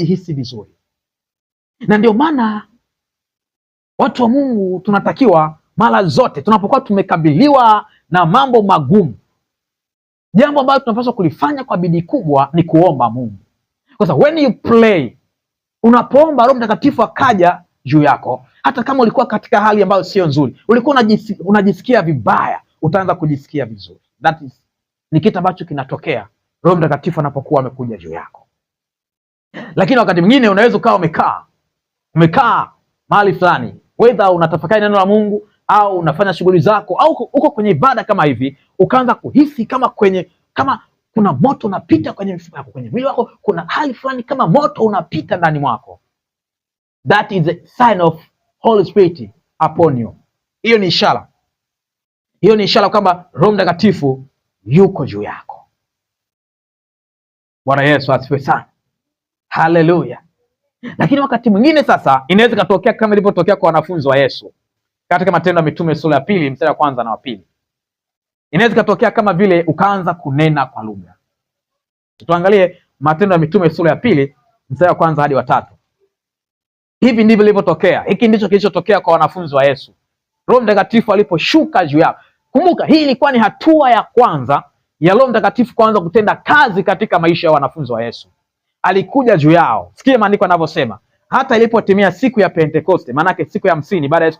ihisi vizuri, na ndio maana watu wa Mungu tunatakiwa mara zote tunapokuwa tumekabiliwa na mambo magumu, jambo ambalo tunapaswa kulifanya kwa bidii kubwa ni kuomba Mungu, kwa sababu when you pray, unapoomba Roho Mtakatifu akaja juu yako, hata kama ulikuwa katika hali ambayo sio nzuri, ulikuwa unajisikia, unajisikia vibaya, utaanza kujisikia vizuri. That is, ni kitu ambacho kinatokea Roho Mtakatifu anapokuwa amekuja juu yako. Lakini wakati mwingine unaweza ukawa umekaa umekaa mahali fulani, wedha unatafakari neno la Mungu au unafanya shughuli zako au uko kwenye ibada kama hivi, ukaanza kuhisi kama kwenye kama kuna moto unapita kwenye mifupa yako, kwenye mwili wako, kuna hali fulani kama moto unapita ndani mwako. That is a sign of Holy Spirit upon you. Hiyo ni ishara, hiyo ni ishara kwamba Roho Mtakatifu yuko juu yako. Bwana Yesu asifiwe sana. Haleluya! Lakini wakati mwingine sasa inaweza ikatokea kama ilivyotokea kwa wanafunzi wa Yesu katika Matendo ya Mitume sura ya pili mstari wa kwanza na wa pili. Inaweza ikatokea kama vile ukaanza kunena kwa lugha. Tuangalie Matendo ya Mitume sura ya pili mstari wa kwanza hadi wa tatu. Hivi ndivyo ilivyotokea, hiki ndicho kilichotokea kwa wanafunzi wa Yesu. Roho Mtakatifu aliposhuka juu yao. Kumbuka, hii ilikuwa ni hatua ya kwanza ya Roho Mtakatifu kuanza kutenda kazi katika maisha ya wanafunzi wa Yesu alikuja juu yao. Sikia maandiko anavyosema, hata ilipotimia siku ya Pentekoste, maanake siku ya hamsini baada ya Yesu